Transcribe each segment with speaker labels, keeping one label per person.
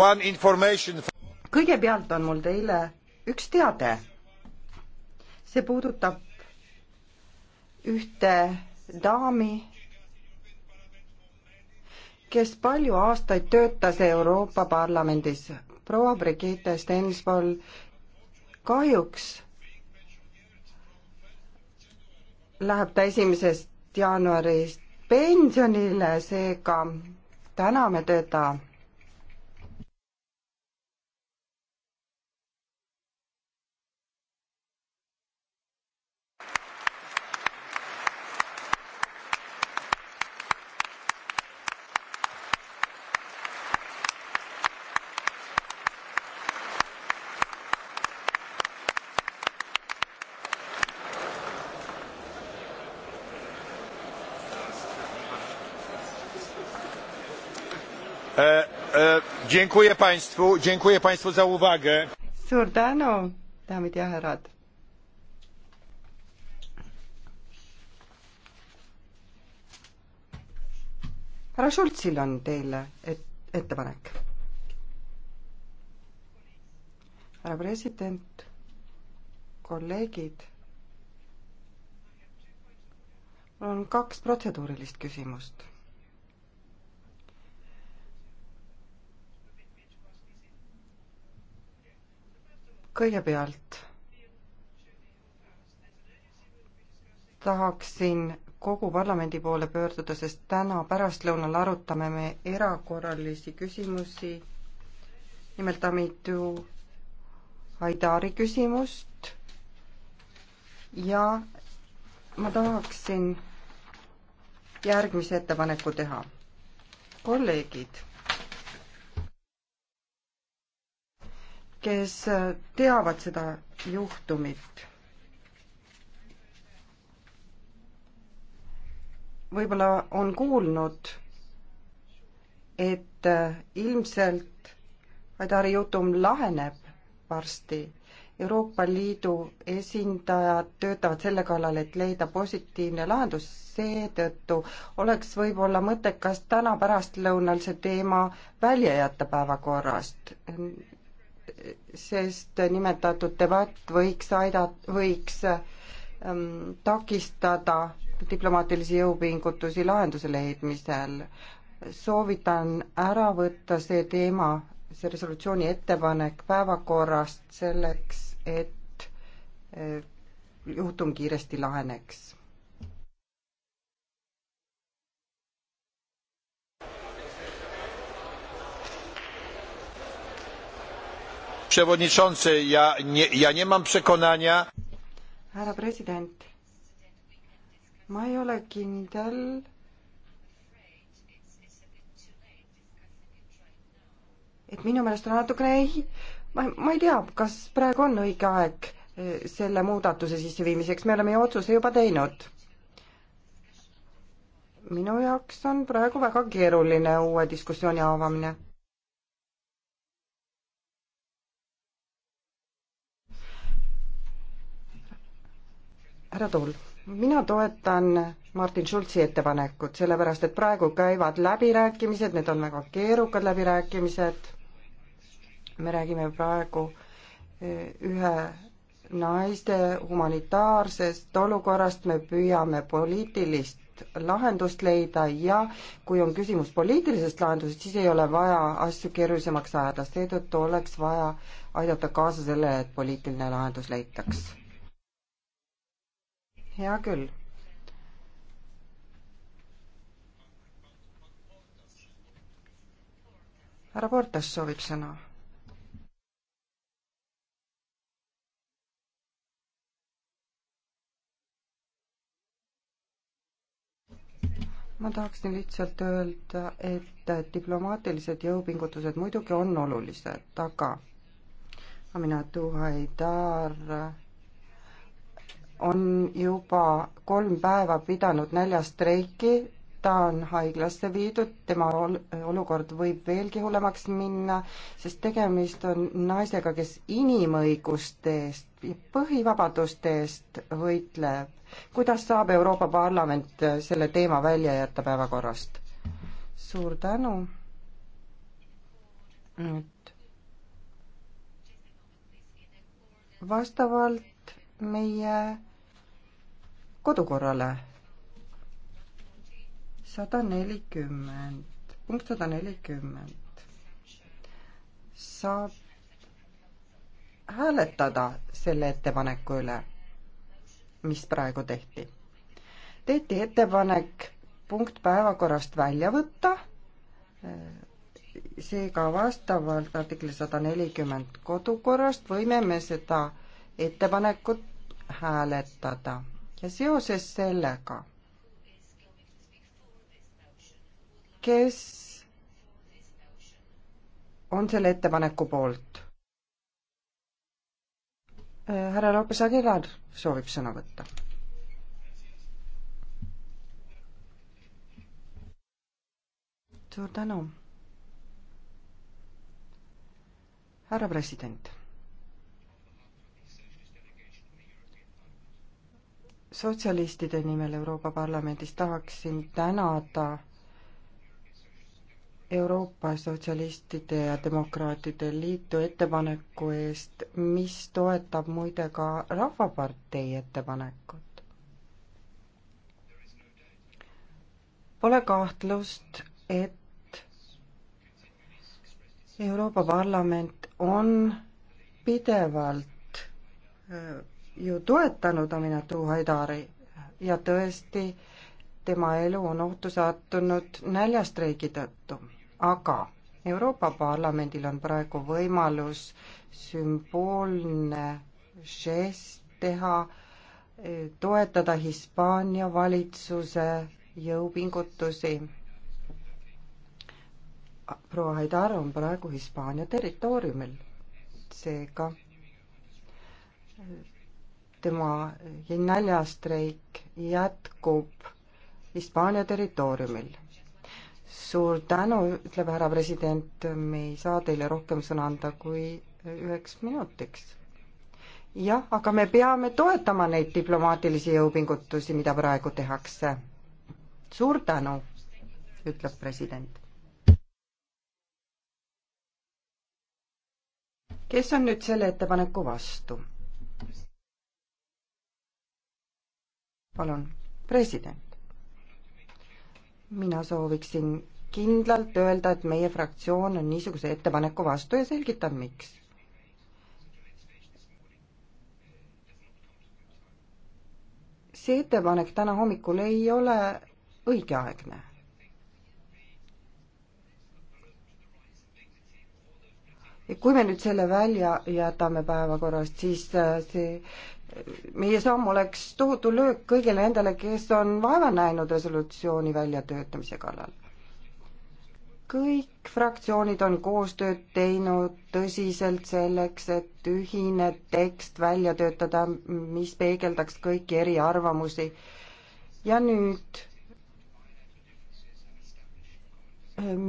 Speaker 1: kõigepealt on mul teile üks teade. see puudutab ühte daami, kes palju aastaid töötas Euroopa Parlamendis. proua Brigitte Stensvoll kahjuks läheb ta esimesest jaanuarist pensionile, seega täname teda Eh, eh, dziękuję Państwu, dziękuję Państwu za uwagę. suur tänu, daamid ja härrad. härra Schultzil on teile et-, ettepanek. härra president, kolleegid, mul on kaks protseduurilist küsimust kõigepealt tahaksin kogu parlamendi poole pöörduda, sest täna pärastlõunal arutame me erakorralisi küsimusi, nimelt Amidu Haidari küsimust ja ma tahaksin järgmise ettepaneku teha. kolleegid kes äh, teavad seda juhtumit. võib-olla on kuulnud, et äh, ilmselt Aidari jutum laheneb varsti. Euroopa Liidu esindajad töötavad selle kallal, et leida positiivne lahendus, seetõttu oleks võib-olla mõttekas täna pärastlõunal see teema välja jätta päevakorrast sest nimetatud debatt võiks aidata, võiks ähm, takistada diplomaatilisi jõupingutusi lahenduse leidmisel. soovitan ära võtta see teema, see resolutsiooni ettepanek päevakorrast selleks, et äh, juhtum kiiresti laheneks przewodniczący, ja nie, ja nie mam przekonania. härra president, ma ei ole kindel. et minu meelest on natukene ei, ma, ma ei tea, kas praegu on õige aeg eh, selle muudatuse sisseviimiseks, me oleme ju otsuse juba teinud minu jaoks on praegu väga keeruline uue diskussiooni avamine härra Tool, mina toetan Martin Schulzi ettepanekut, sellepärast et praegu käivad läbirääkimised, need on väga keerukad läbirääkimised, me räägime praegu eh, ühe naiste humanitaarsest olukorrast, me püüame poliitilist lahendust leida ja kui on küsimus poliitilisest lahendusest, siis ei ole vaja asju keerulisemaks ajada, seetõttu oleks vaja aidata kaasa sellele, et poliitiline lahendus leitaks hea küll. härra Portas soovib sõna ma tahaksin lihtsalt öelda, et diplomaatilised jõupingutused muidugi on olulised, aga Aminatu Haidar on juba kolm päeva pidanud näljastreiki, ta on haiglasse viidud, tema ol-, olukord võib veelgi hullemaks minna, sest tegemist on naisega, kes inimõiguste eest ja põhivabaduste eest võitleb. kuidas saab Euroopa Parlament selle teema välja jätta päevakorrast? suur tänu. nüüd vastavalt meie kodukorrale. sada nelikümmend, punkt sada nelikümmend saab hääletada selle ettepaneku üle, mis praegu tehti. tehti ettepanek punkt päevakorrast välja võtta, seega vastavalt artikli sada nelikümmend kodukorrast võime me seda ettepanekut hääletada ja seoses sellega, kes on selle ettepaneku poolt? härra Lopes Aguilar soovib sõna võtta. suur tänu. härra president sotsialistide nimel Euroopa Parlamendis tahaksin tänada Euroopa Sotsialistide ja Demokraatide Liitu ettepaneku eest, mis toetab muide ka Rahvapartei ettepanekut. Pole kahtlust, et Euroopa Parlament on pidevalt äh, ju toetanud Aminatu Haidari ja tõesti, tema elu on ohtu sattunud näljastreigi tõttu, aga Euroopa Parlamendil on praegu võimalus sümboolne žest teha, e, toetada Hispaania valitsuse jõupingutusi. proua Haidar on praegu Hispaania territooriumil, seega tema näljastreik jätkub Hispaania territooriumil. suur tänu, ütleb härra president, me ei saa teile rohkem sõna anda kui üheks minutiks. jah, aga me peame toetama neid diplomaatilisi jõupingutusi, mida praegu tehakse. suur tänu, ütleb president. kes on nüüd selle ettepaneku vastu? palun, president. mina sooviksin kindlalt öelda, et meie fraktsioon on niisuguse ettepaneku vastu ja selgitan, miks. see ettepanek täna hommikul ei ole õigeaegne kui me nüüd selle välja jätame päevakorrast, siis äh, see meie samm oleks tohutu löök kõigile nendele, kes on vaeva näinud resolutsiooni väljatöötamise kallal. kõik fraktsioonid on koostööd teinud tõsiselt selleks, et ühine tekst välja töötada, mis peegeldaks kõiki eriarvamusi. ja nüüd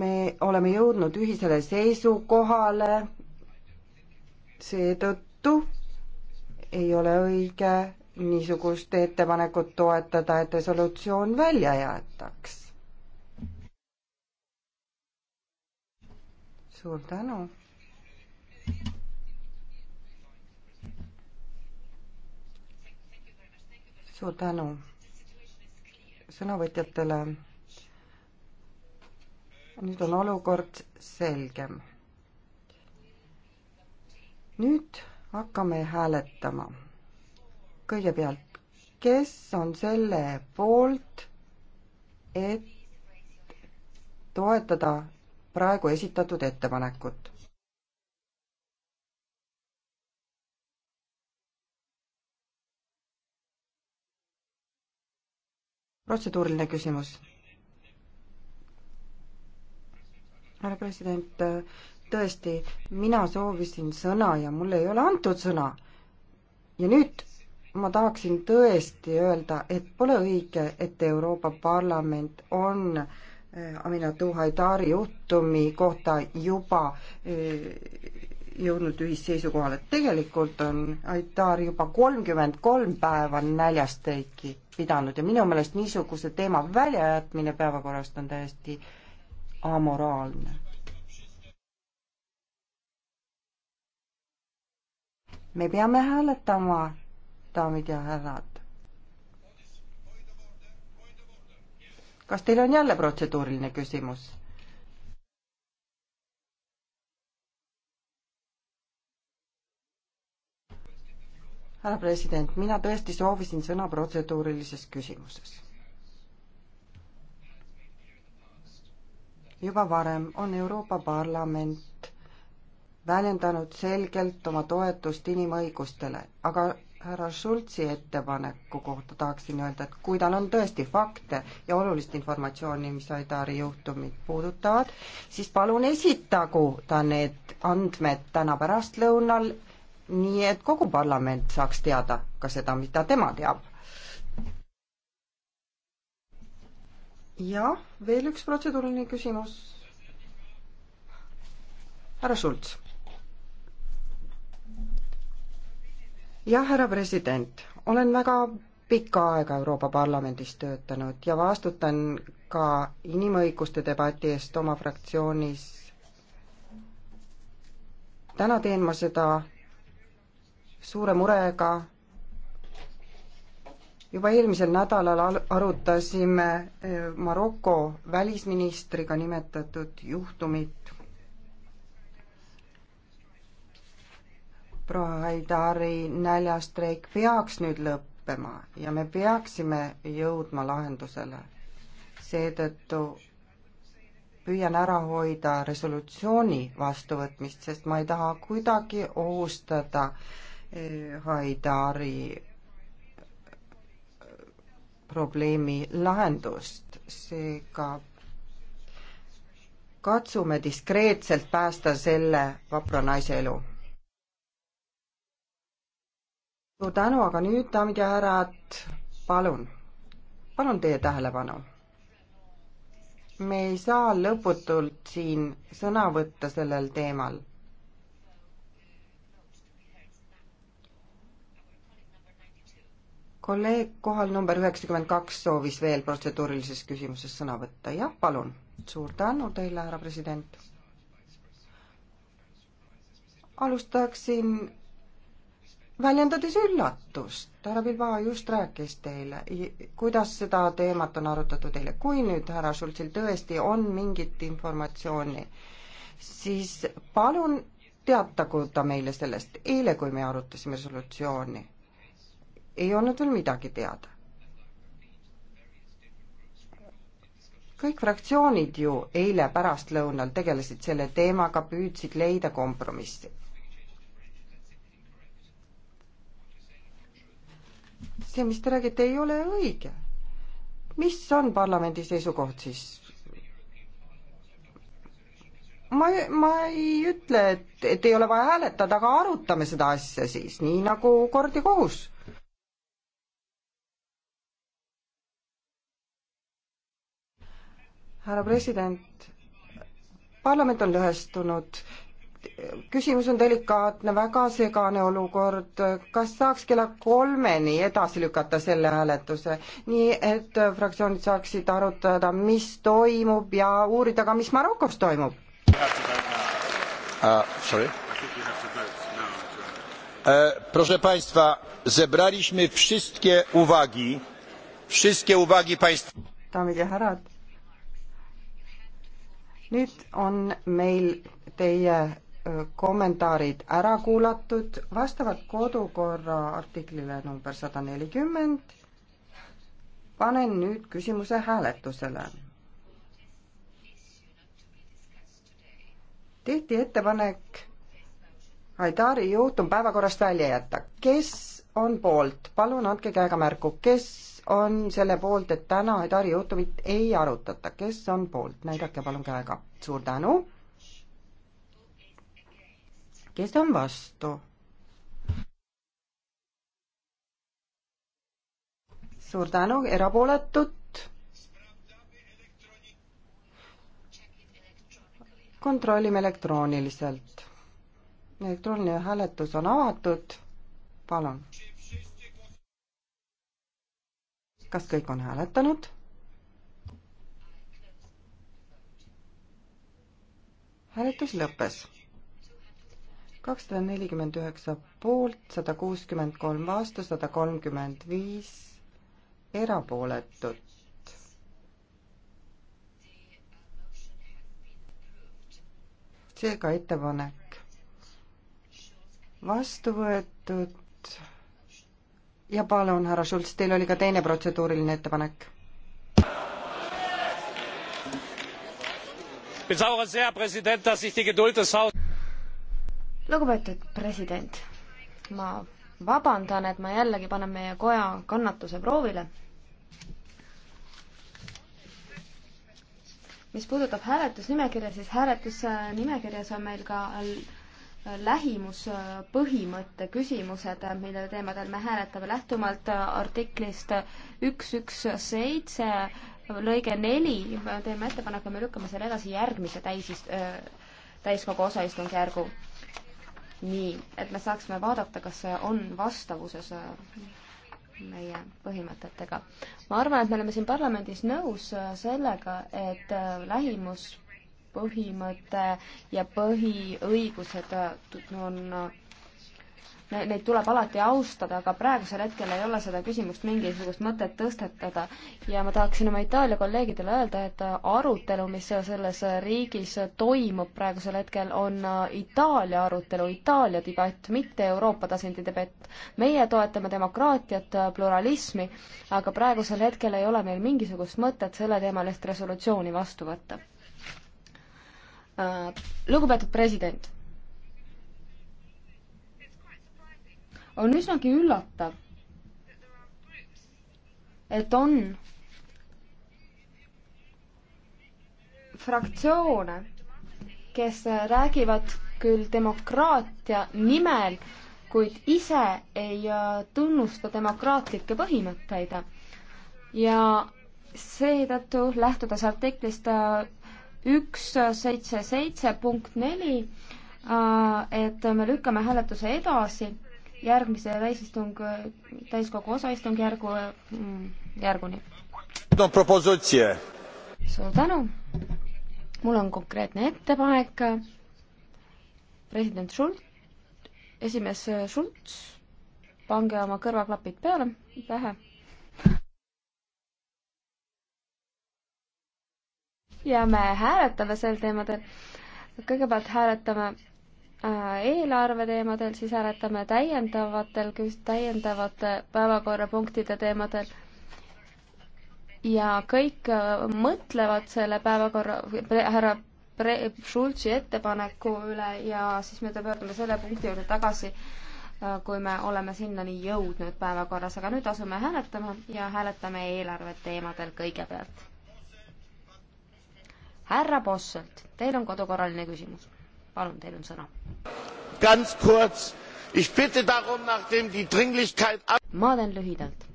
Speaker 1: me oleme jõudnud ühisele seisukohale seetõttu ei ole õige niisugust ettepanekut toetada, et resolutsioon välja jäetaks. suur tänu. suur tänu sõnavõtjatele. nüüd on olukord selgem. nüüd hakkame hääletama. kõigepealt, kes on selle poolt, et toetada praegu esitatud ettepanekut? protseduuriline küsimus. härra president, tõesti, mina soovisin sõna ja mulle ei ole antud sõna. ja nüüd ma tahaksin tõesti öelda, et pole õige, et Euroopa Parlament on eh, Aminatu Haidari juhtumi kohta juba eh, jõudnud ühisseisukohale, et tegelikult on Haidar juba kolmkümmend kolm päeva näljastreiki pidanud ja minu meelest niisuguse teema väljajätmine päevakorrast on täiesti amoraalne me peame hääletama, daamid ja härrad. kas teil on jälle protseduuriline küsimus? härra president, mina tõesti soovisin sõna protseduurilises küsimuses. juba varem on Euroopa Parlament väljendanud selgelt oma toetust inimõigustele, aga härra Schultzi ettepaneku kohta tahaksin öelda, et kui tal on tõesti fakte ja olulist informatsiooni, mis Aidari juhtumit puudutavad, siis palun esitagu ta need andmed täna pärastlõunal, nii et kogu parlament saaks teada ka seda, mida tema teab. jah, veel üks protseduuriline küsimus. härra Schultz jah, härra president, olen väga pikka aega Euroopa Parlamendis töötanud ja vastutan ka inimõiguste debati eest oma fraktsioonis. täna teen ma seda suure murega. juba eelmisel nädalal arutasime eh, Maroko välisministriga nimetatud juhtumit proua Haidari näljastreik peaks nüüd lõppema ja me peaksime jõudma lahendusele. seetõttu püüan ära hoida resolutsiooni vastuvõtmist, sest ma ei taha kuidagi ohustada eh, Haidari eh, probleemi lahendust, seega katsume diskreetselt päästa selle vapra naise elu suur tänu, aga nüüd, daamid ja härrad, palun, palun teie tähelepanu. me ei saa lõputult siin sõna võtta sellel teemal. kolleeg kohal number üheksakümmend kaks soovis veel protseduurilises küsimuses sõna võtta, jah, palun. suur tänu teile, härra president. alustaksin väljendades üllatust. härra Bilbao just rääkis teile, kuidas seda teemat on arutatud eile. kui nüüd härra Schultzil tõesti on mingit informatsiooni, siis palun teatagu ta meile sellest. eile, kui me arutasime resolutsiooni, ei olnud veel midagi teada. kõik fraktsioonid ju eile pärastlõunal tegelesid selle teemaga, püüdsid leida kompromissi see, mis te räägite, ei ole õige. mis on parlamendi seisukoht siis? ma, ma ei ütle, et, et ei ole vaja hääletada, aga arutame seda asja siis, nii nagu kord ja kohus härra president, parlament on lõhestunud, küsimus on delikaatne, väga segane olukord, kas saaks kella kolmeni edasi lükata selle hääletuse, nii et fraktsioonid saaksid arutada, mis toimub ja uurida ka, mis Marokos toimub? E, proszę Państwa, zebraliśmy wszystkie uwagi, wszystkie uwagi Państwa. Daamid ja härrad, nüüd on meil teie Äh, kommentaarid ära kuulatud vastavalt kodukorra artiklile number sada nelikümmend. panen nüüd küsimuse hääletusele. tehti ettepanek Aidari juhtum päevakorrast välja jätta. kes on poolt, palun andke käega märku, kes on selle poolt, et täna Aidari juhtumit ei arutata, kes on poolt, näidake palun käega. suur tänu kes on vastu? suur tänu, erapooletut. kontrollime elektrooniliselt. elektrooniline hääletus on avatud. palun. kas kõik on hääletanud? hääletus lõppes kakssada nelikümmend üheksa poolt, sada kuuskümmend kolm vastu, sada kolmkümmend viis erapooletut. seega ettepanek vastu võetud ja palun, härra Schultz, teil oli ka teine protseduuriline ettepanek
Speaker 2: ich bedaure sehr herr präsident dass ich die geduld des hauses lugupeetud president, ma vabandan, et ma jällegi panen meie koja kannatuse proovile. mis puudutab hääletusnimekirja, siis hääletusnimekirjas on meil ka lähimuspõhimõtte küsimused, mille teemadel me hääletame lähtuvalt artiklist üks, üks, seitse, lõige neli, teeme ettepaneku, me lükkame selle edasi järgmise täisist-, täiskogu osaistungjärgu nii, et me saaksime vaadata, kas see on vastavuses äh, meie põhimõtetega. ma arvan, et me oleme siin parlamendis nõus äh, sellega, et äh, lähimuspõhimõte ja põhiõigused on neid tuleb alati austada, aga praegusel hetkel ei ole seda küsimust mingisugust mõtet tõstetada. ja ma tahaksin oma Itaalia kolleegidele öelda, et arutelu, mis selles riigis toimub praegusel hetkel, on Itaalia arutelu, Itaalia debatt, mitte Euroopa tasandi debatt. meie toetame demokraatiat, pluralismi, aga praegusel hetkel ei ole meil mingisugust mõtet selleteemalist resolutsiooni vastu võtta. Äh, lugupeetud president on üsnagi üllatav, et on fraktsioone, kes räägivad küll demokraatia nimel, kuid ise ei äh, tunnusta demokraatlikke põhimõtteid. ja seetõttu, lähtudes artiklist äh, üks äh, seitse seitse punkt neli, et me lükkame hääletuse edasi järgmise täisistung, täiskogu osaistungjärgu, mm, järguni. suur tänu. mul on konkreetne ettepanek. president Schultz, esimees Schultz, pange oma kõrvaklapid peale, pähe. ja me hääletame sel teemadel. kõigepealt hääletame Äh, eelarve teemadel, siis hääletame täiendavatel, täiendavate päevakorrapunktide teemadel. ja kõik äh, mõtlevad selle päevakorra, härra Schultzi ettepaneku üle ja siis me pöördume selle punkti juurde tagasi, äh, kui me oleme sinnani jõudnud päevakorras, aga nüüd asume hääletama ja hääletame eelarve teemadel kõigepealt. härra Posselt, teil on kodukorraline küsimus palun, teil on sõna. ma teen lühidalt.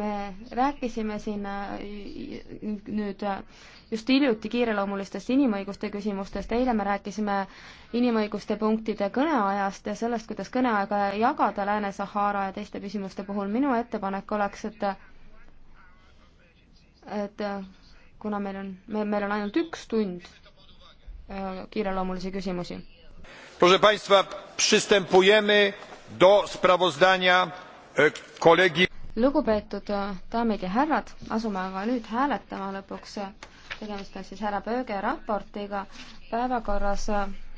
Speaker 2: me rääkisime siin äh, nüüd äh, just hiljuti kiireloomulistest inimõiguste küsimustest, eile me rääkisime inimõiguste punktide kõneajast ja sellest, kuidas kõneaega jagada Lääne-Sahara ja teiste küsimuste puhul. minu ettepanek oleks, et et kuna meil on, meil on ainult üks tund äh, kiireloomulisi küsimusi.
Speaker 1: Proszę Państwa, przystępujemy do sprawozdania e, kolegi.
Speaker 2: lugupeetud e, daamid ja härrad, asume aga nüüd hääletama lõpuks. tegemist on siis härra Pööge raportiga päevakorras e,